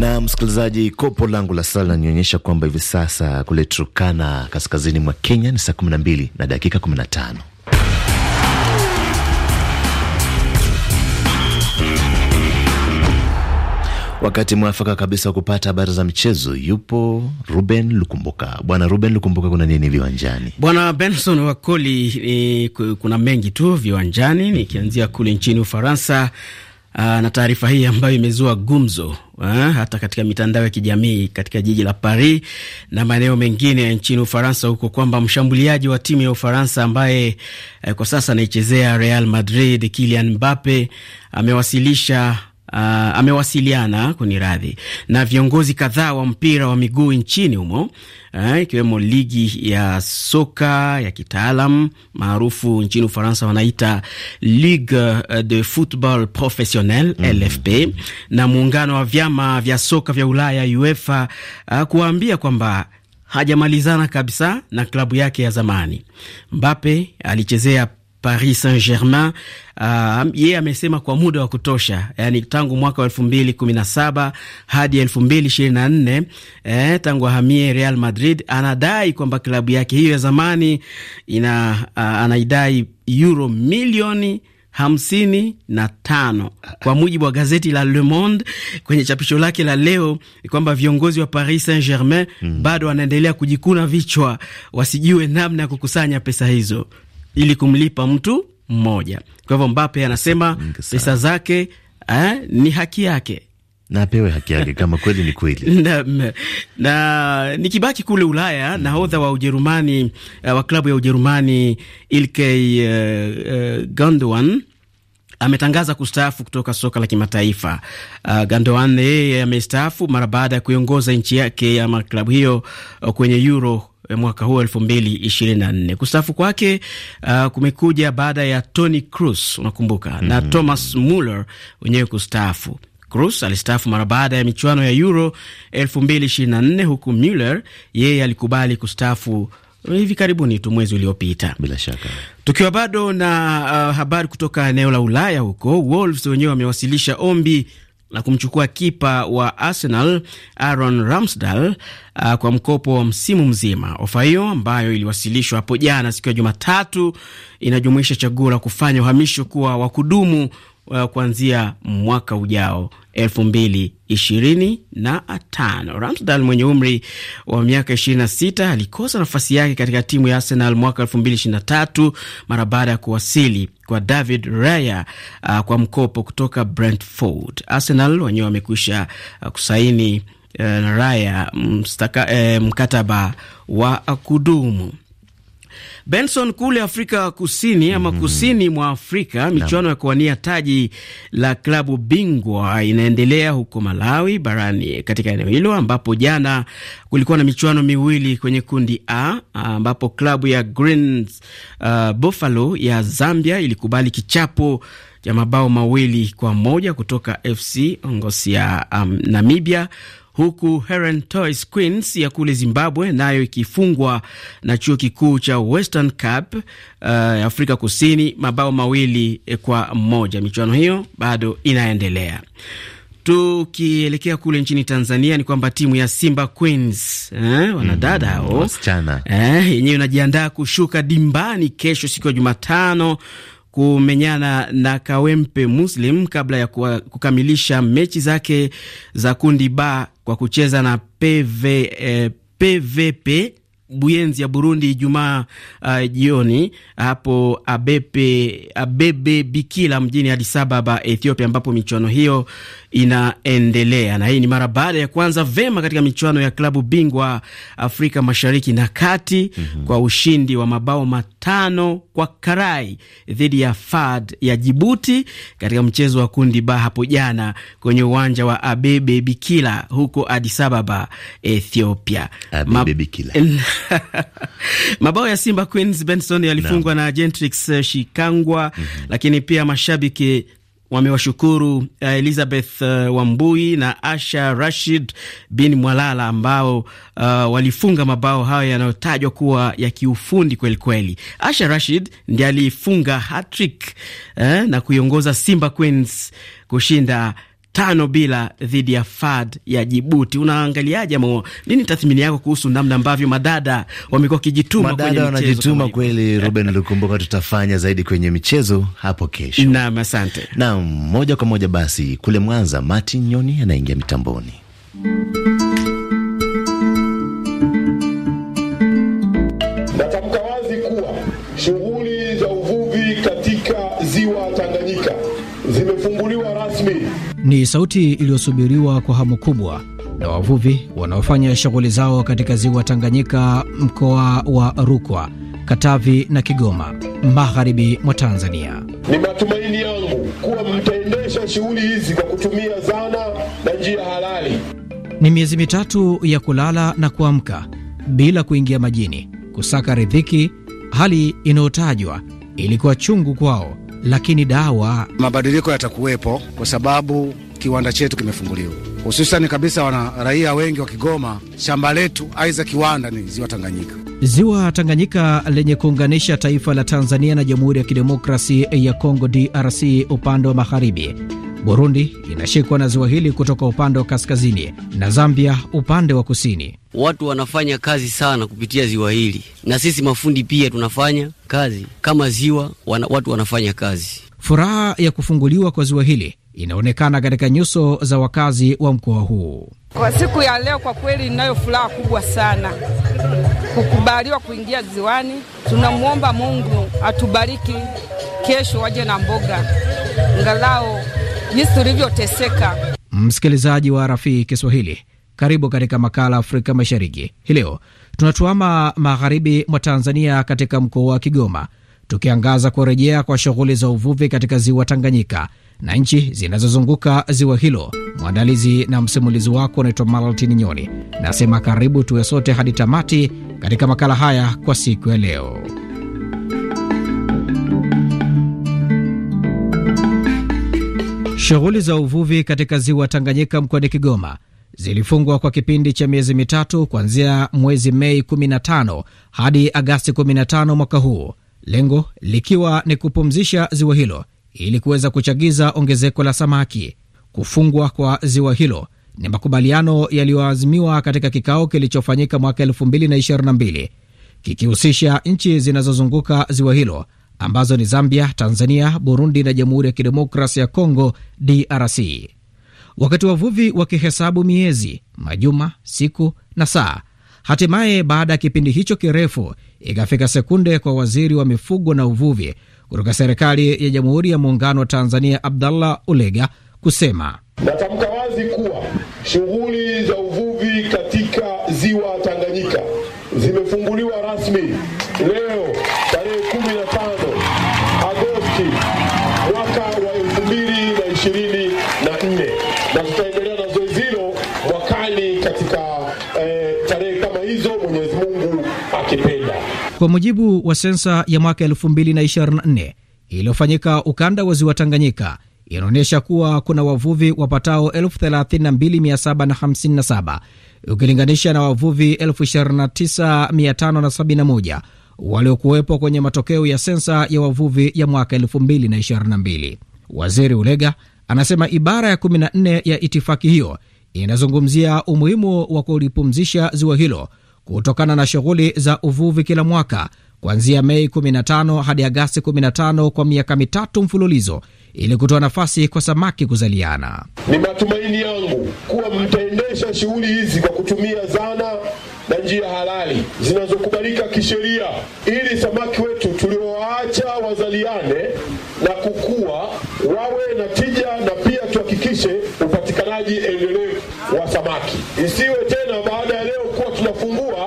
Na msikilizaji, kopo langu la sala linaonyesha kwamba hivi sasa kule Turkana, kaskazini mwa Kenya, ni saa 12 na dakika 15. Wakati mwafaka kabisa wa kupata habari za mchezo, yupo Ruben Lukumbuka. Bwana Ruben Lukumbuka, kuna nini viwanjani? Bwana Benson Wakoli, eh, kuna mengi tu viwanjani, nikianzia kule nchini Ufaransa Aa, ah, na taarifa hii ambayo imezua gumzo aa, ah, hata katika mitandao ya kijamii katika jiji la Paris na maeneo mengine nchini Ufaransa huko kwamba mshambuliaji wa timu ya Ufaransa ambaye eh, kwa sasa anaichezea Real Madrid Kylian Mbappe amewasilisha uh, amewasiliana kuni radhi na viongozi kadhaa wa mpira wa miguu nchini humo uh, ikiwemo ligi ya soka ya kitaalam maarufu nchini Ufaransa wanaita Ligue de Football Professionnel mm. LFP na muungano wa vyama vya soka vya Ulaya UEFA uh, kuwaambia kwamba hajamalizana kabisa na klabu yake ya zamani. Mbape alichezea Paris Saint-Germain. Uh, ah, yeye amesema kwa muda wa kutosha, yani tangu mwaka wa elfu mbili kumi na saba hadi elfu mbili ishirini na nne eh, tangu ahamie Real Madrid. Anadai kwamba klabu yake hiyo ya zamani ina uh, anaidai euro milioni hamsini na tano kwa mujibu wa gazeti la Le Monde kwenye chapisho lake la leo, ni kwamba viongozi wa Paris Saint Germain mm, bado wanaendelea kujikuna vichwa wasijue namna ya kukusanya pesa hizo ili kumlipa mtu mmoja. Kwa hivyo Mbappe anasema pesa zake eh, ni haki yake na apewe haki yake kama kweli ni kweli. Na, na nikibaki kule Ulaya mm -hmm. Nahodha wa Ujerumani uh, wa klabu ya Ujerumani Ilkay uh, uh, Gundogan ametangaza kustaafu kutoka soka la kimataifa. Uh, Gundogan yeye amestaafu mara baada ya kuiongoza nchi yake ama klabu hiyo kwenye Euro Eh, mwaka huu nne. Kustaafu kwake uh, kumekuja baada ya Tony Cruz unakumbuka, mm -hmm. na mhm. Thomas Muller wenyewe kustaafu. Cruz alistaafu mara baada ya michuano ya Euro nne huku Muller yeye alikubali kustaafu eh, hivi karibuni tu mwezi uliopita. Bila shaka tukiwa bado na uh, habari kutoka eneo la Ulaya huko, Wolves wenyewe wamewasilisha ombi na kumchukua kipa wa Arsenal Aaron Ramsdale uh, kwa mkopo wa msimu mzima. Ofa hiyo ambayo iliwasilishwa hapo jana siku ya Jumatatu inajumuisha chaguo la kufanya uhamisho kuwa wa kudumu uh, kuanzia mwaka ujao. 2025. Ramsdale mwenye umri wa miaka 26 alikosa nafasi yake katika timu ya Arsenal mwaka 223 mara baada ya kuwasili kwa David Raya uh, kwa mkopo kutoka Brentford. Arsenal wenyewe wamekwisha uh, kusaini uh, Raya mstaka, uh, mkataba wa kudumu. Benson, kule Afrika Kusini ama mm -hmm. kusini mwa Afrika, michuano ya kuwania taji la klabu bingwa inaendelea huko Malawi barani katika eneo hilo, ambapo jana kulikuwa na michuano miwili kwenye kundi A ambapo klabu ya Greens uh, Buffalo ya Zambia ilikubali kichapo cha mabao mawili kwa moja kutoka FC ongosi ya um, Namibia huku Heron Toys Queens ya kule Zimbabwe nayo ikifungwa na chuo kikuu cha Western Cape uh, Afrika Kusini mabao mawili eh, kwa moja. Michuano hiyo bado inaendelea. Tukielekea kule nchini Tanzania ni kwamba timu ya Simba Queens eh, wanadada mm, hao eh, yenyewe inajiandaa kushuka dimbani kesho siku ya Jumatano kumenyana na Kawempe Muslim kabla ya kukamilisha mechi zake za kundi ba kwa kucheza na PV, eh, PVP Buyenzi ya Burundi Ijumaa uh, eh, jioni hapo Abepe, Abebe Bikila mjini Addis Ababa, Ethiopia, ambapo michuano hiyo inaendelea, na hii ni mara baada ya kuanza vema katika michuano ya klabu bingwa Afrika Mashariki na Kati mm -hmm. kwa ushindi wa mabao matano kwa karai dhidi ya FAD ya Jibuti katika mchezo wa kundi ba hapo jana kwenye uwanja wa Abebe Bikila huko Addis Ababa, Ethiopia. Abebe Bikila. Mabao ya Simba Queens Benson yalifungwa na Gentrix Shikangwa, mm -hmm. lakini pia mashabiki wamewashukuru uh, Elizabeth uh, Wambui na Asha Rashid bin Mwalala ambao uh, walifunga mabao hayo yanayotajwa kuwa ya kiufundi kwelikweli. Asha Rashid ndiye alifunga hatrick eh, na kuiongoza Simba Queens kushinda tano bila dhidi ya FAD ya Jibuti. Unaangaliaje ama nini tathmini yako kuhusu namna ambavyo madada wamekuwa wakijituma kwenye michezo? Madada wanajituma kweli, Ruben Lukumbuka. Tutafanya zaidi kwenye michezo hapo kesho. Naam, asante. Naam, moja kwa moja basi kule Mwanza, Martin Nyoni anaingia mitamboni. Ni sauti iliyosubiriwa kwa hamu kubwa na wavuvi wanaofanya shughuli zao katika ziwa Tanganyika, mkoa wa Rukwa, Katavi na Kigoma, magharibi mwa Tanzania. Ni matumaini yangu kuwa mtaendesha shughuli hizi kwa kutumia zana na njia halali. Ni miezi mitatu ya kulala na kuamka bila kuingia majini kusaka riziki, hali inayotajwa ilikuwa chungu kwao lakini dawa, mabadiliko yatakuwepo kwa sababu kiwanda chetu kimefunguliwa hususani kabisa wana raia wengi wa Kigoma. Shamba letu aiza kiwanda ni ziwa Tanganyika. Ziwa Tanganyika lenye kuunganisha taifa la Tanzania na Jamhuri ya Kidemokrasi ya Kongo DRC upande wa magharibi Burundi inashikwa na ziwa hili kutoka upande wa kaskazini na Zambia upande wa kusini. Watu wanafanya kazi sana kupitia ziwa hili, na sisi mafundi pia tunafanya kazi kama ziwa wana, watu wanafanya kazi. Furaha ya kufunguliwa kwa ziwa hili inaonekana katika nyuso za wakazi wa mkoa huu. Kwa siku ya leo, kwa kweli inayo furaha kubwa sana kukubaliwa kuingia ziwani. Tunamwomba Mungu atubariki, kesho waje na mboga, ngalao jinsi tulivyoteseka. Msikilizaji wa Rafii Kiswahili, karibu katika makala Afrika Mashariki. Hii leo tunatuama magharibi mwa Tanzania, katika mkoa wa Kigoma, tukiangaza kurejea kwa shughuli za uvuvi katika ziwa Tanganyika na nchi zinazozunguka ziwa hilo. Mwandalizi na msimulizi wako unaitwa Maltini Nyoni, nasema karibu tuwe sote hadi tamati katika makala haya kwa siku ya leo. Shughuli za uvuvi katika ziwa Tanganyika mkoani Kigoma zilifungwa kwa kipindi cha miezi mitatu kuanzia mwezi Mei 15 hadi Agasti 15 mwaka huu, lengo likiwa ni kupumzisha ziwa hilo ili kuweza kuchagiza ongezeko la samaki. Kufungwa kwa ziwa hilo ni makubaliano yaliyoazimiwa katika kikao kilichofanyika mwaka 2022 kikihusisha nchi zinazozunguka ziwa hilo ambazo ni Zambia, Tanzania, Burundi na Jamhuri ya kidemokrasi ya Kongo, DRC. Wakati wavuvi wakihesabu miezi, majuma, siku na saa, hatimaye baada ya kipindi hicho kirefu ikafika sekunde kwa waziri wa mifugo na uvuvi kutoka serikali ya Jamhuri ya Muungano wa Tanzania, Abdallah Ulega kusema natamka wazi kuwa shughuli za uvuvi katika ziwa Tanganyika zimefunguliwa rasmi leo Kwa mujibu wa sensa ya mwaka 2024 iliyofanyika ukanda wa ziwa Tanganyika inaonyesha kuwa kuna wavuvi wapatao 32757 ukilinganisha na wavuvi 29571 waliokuwepo kwenye matokeo ya sensa ya wavuvi ya mwaka 2022. Waziri Ulega anasema ibara ya 14 ya itifaki hiyo inazungumzia umuhimu wa kulipumzisha ziwa hilo kutokana na shughuli za uvuvi kila mwaka kuanzia Mei 15 hadi Agasti 15 kwa miaka mitatu mfululizo ili kutoa nafasi kwa samaki kuzaliana. Ni matumaini yangu kuwa mtaendesha shughuli hizi kwa kutumia zana na njia halali zinazokubalika kisheria ili samaki wetu tuliowaacha wazaliane na kukua, wawe na tija na pia tuhakikishe upatikanaji endelevu wa samaki. Isiwe tena baada ya leo kuwa tunafungua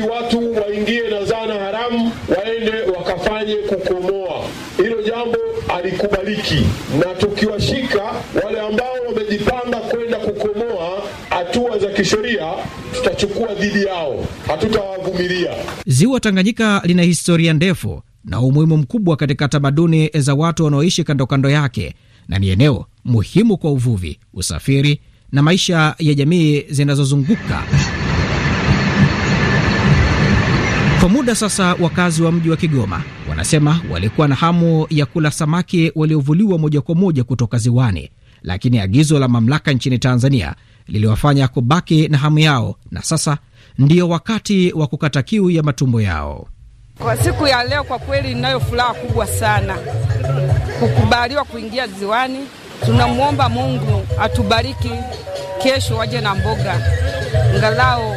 basi watu waingie na zana haramu waende wakafanye kukomoa. Hilo jambo alikubaliki, na tukiwashika wale ambao wamejipanga kwenda kukomoa hatua za kisheria tutachukua dhidi yao, hatutawavumilia. Ziwa Tanganyika lina historia ndefu na umuhimu mkubwa katika tamaduni za watu wanaoishi kando kando yake, na ni eneo muhimu kwa uvuvi, usafiri na maisha ya jamii zinazozunguka Kwa muda sasa, wakazi wa mji wa Kigoma wanasema walikuwa na hamu ya kula samaki waliovuliwa moja kwa moja kutoka ziwani, lakini agizo la mamlaka nchini Tanzania liliwafanya kubaki na hamu yao, na sasa ndiyo wakati wa kukata kiu ya matumbo yao. Kwa siku ya leo, kwa kweli ninayo furaha kubwa sana kukubaliwa kuingia ziwani. Tunamwomba Mungu atubariki, kesho waje na mboga, angalau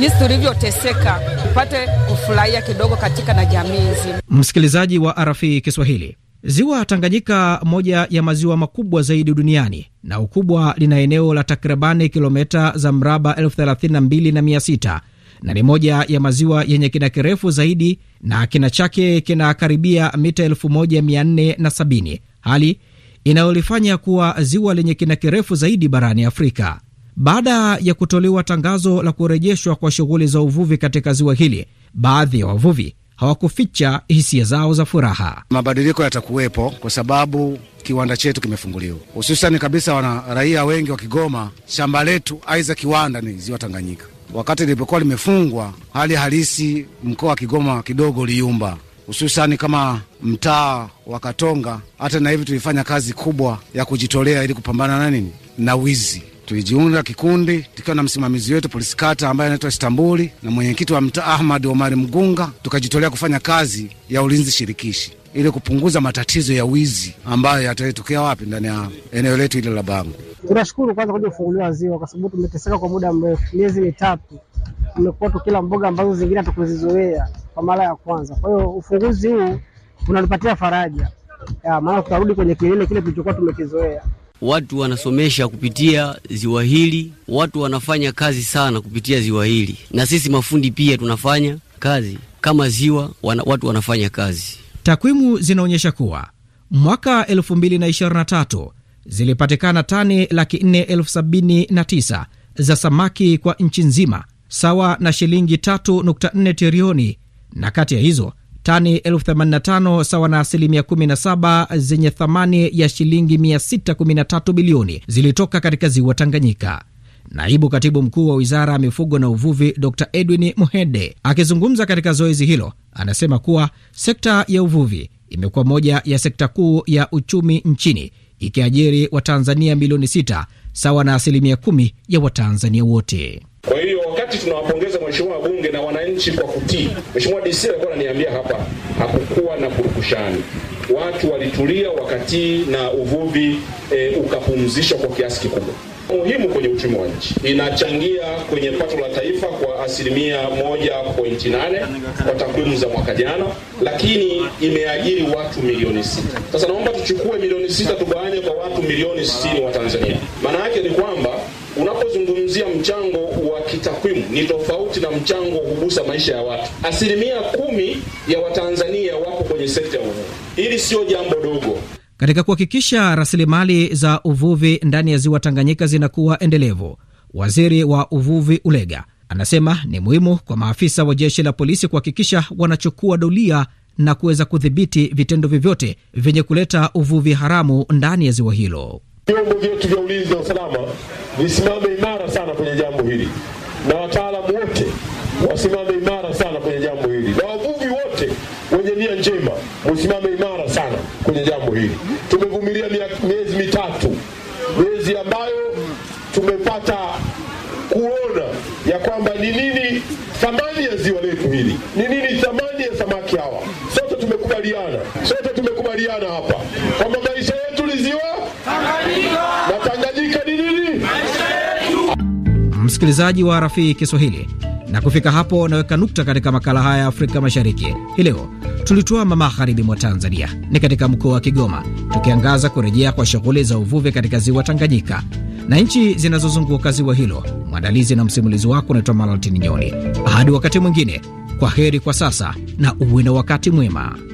jinsi tulivyoteseka tupate kufurahia kidogo katika na jamii nzima. Msikilizaji wa RFI Kiswahili, Ziwa Tanganyika, moja ya maziwa makubwa zaidi duniani na ukubwa, lina eneo la takribani kilomita za mraba elfu na na ni moja ya maziwa yenye kina kirefu zaidi na kina chake kinakaribia mita 1470 hali inayolifanya kuwa ziwa lenye kina kirefu zaidi barani Afrika. Baada ya kutolewa tangazo la kurejeshwa kwa shughuli za uvuvi katika ziwa hili, baadhi ya wavuvi hawakuficha hisia zao za furaha. Mabadiliko yatakuwepo kwa sababu kiwanda chetu kimefunguliwa, hususani kabisa wana raia wengi wa Kigoma. Shamba letu aiza kiwanda ni ziwa Tanganyika. Wakati lilipokuwa limefungwa, hali halisi mkoa wa Kigoma kidogo uliyumba hususani kama mtaa wa Katonga. Hata na hivi tulifanya kazi kubwa ya kujitolea ili kupambana na nini na wizi tulijiunga kikundi tukiwa na msimamizi wetu polisi kata ambaye anaitwa Istambuli na mwenyekiti wa mtaa Ahmad Omari Mgunga, tukajitolea kufanya kazi ya ulinzi shirikishi ili kupunguza matatizo ya wizi ambayo yatatokea wapi ndani ya eneo letu hilo la Bangu. Tunashukuru kwanza kuja kufunguliwa ziwa, kwa sababu tumeteseka kwa muda mrefu, miezi mitatu tumekuwa tukila mboga ambazo zingine hatukuzizoea kwa mara ya kwanza. Kwa hiyo ufunguzi huu unatupatia faraja, maana tutarudi kwenye kilele kile tulichokuwa tumekizoea watu wanasomesha kupitia ziwa hili, watu wanafanya kazi sana kupitia ziwa hili, na sisi mafundi pia tunafanya kazi kama ziwa wana, watu wanafanya kazi. Takwimu zinaonyesha kuwa mwaka 2023 zilipatikana tani laki 4 elfu sabini na tisa za samaki kwa nchi nzima, sawa na shilingi 3.4 trilioni, na kati ya hizo tani 85 sawa na asilimia 17 zenye thamani ya shilingi 613 bilioni zilitoka katika ziwa Tanganyika. Naibu katibu mkuu wa wizara ya mifugo na uvuvi Dr Edwin Muhede akizungumza katika zoezi hilo anasema kuwa sekta ya uvuvi imekuwa moja ya sekta kuu ya uchumi nchini ikiajiri Watanzania milioni 6 sawa na asilimia kumi ya Watanzania wote. Kwa hiyo wakati tunawapongeza mheshimiwa wabunge na wananchi kwa kutii, mheshimiwa DC alikuwa ananiambia hapa, hakukuwa na kurukushani, watu walitulia, wakatii na uvuvi e, ukapumzishwa kwa kiasi kikubwa muhimu kwenye uchumi wa nchi. Inachangia kwenye pato la taifa kwa asilimia 1.8 kwa takwimu za mwaka jana, lakini imeajiri watu milioni sita. Sasa naomba tuchukue milioni sita tugawanye kwa watu milioni sitini wa Tanzania. Maana yake ni kwamba unapozungumzia mchango wa kitakwimu ni tofauti na mchango hugusa maisha ya watu. Asilimia kumi ya Watanzania wako kwenye sekta ya uvuvi. Hili sio jambo dogo. Katika kuhakikisha rasilimali za uvuvi ndani ya ziwa Tanganyika zinakuwa endelevu, waziri wa uvuvi Ulega anasema ni muhimu kwa maafisa wa jeshi la polisi kuhakikisha wanachukua dolia na kuweza kudhibiti vitendo vyovyote vyenye kuleta uvuvi haramu ndani ya ziwa hilo. Vyombo vyetu vya ulinzi na usalama visimame imara sana kwenye jambo hili, na wataalamu wote wasimame imara sana wavuvi wote wenye nia njema msimame imara sana kwenye jambo hili. Tumevumilia miezi mitatu, miezi ambayo tumepata kuona ya kwamba ni nini thamani ya ziwa letu hili, ni nini thamani ya samaki hawa. Sote tumekubaliana, sote tumekubaliana hapa kwamba maisha yetu ni ziwa na Tanganyika ni nini. Msikilizaji wa Rafii Kiswahili na kufika hapo naweka nukta katika makala haya ya Afrika Mashariki hii leo. Tulituama magharibi mwa Tanzania, ni katika mkoa wa Kigoma, tukiangaza kurejea kwa shughuli za uvuvi katika ziwa Tanganyika na nchi zinazozunguka ziwa hilo. Mwandalizi na msimulizi wako unaitwa Malatini Nyoni. Hadi wakati mwingine, kwa heri kwa sasa na uwe na wakati mwema.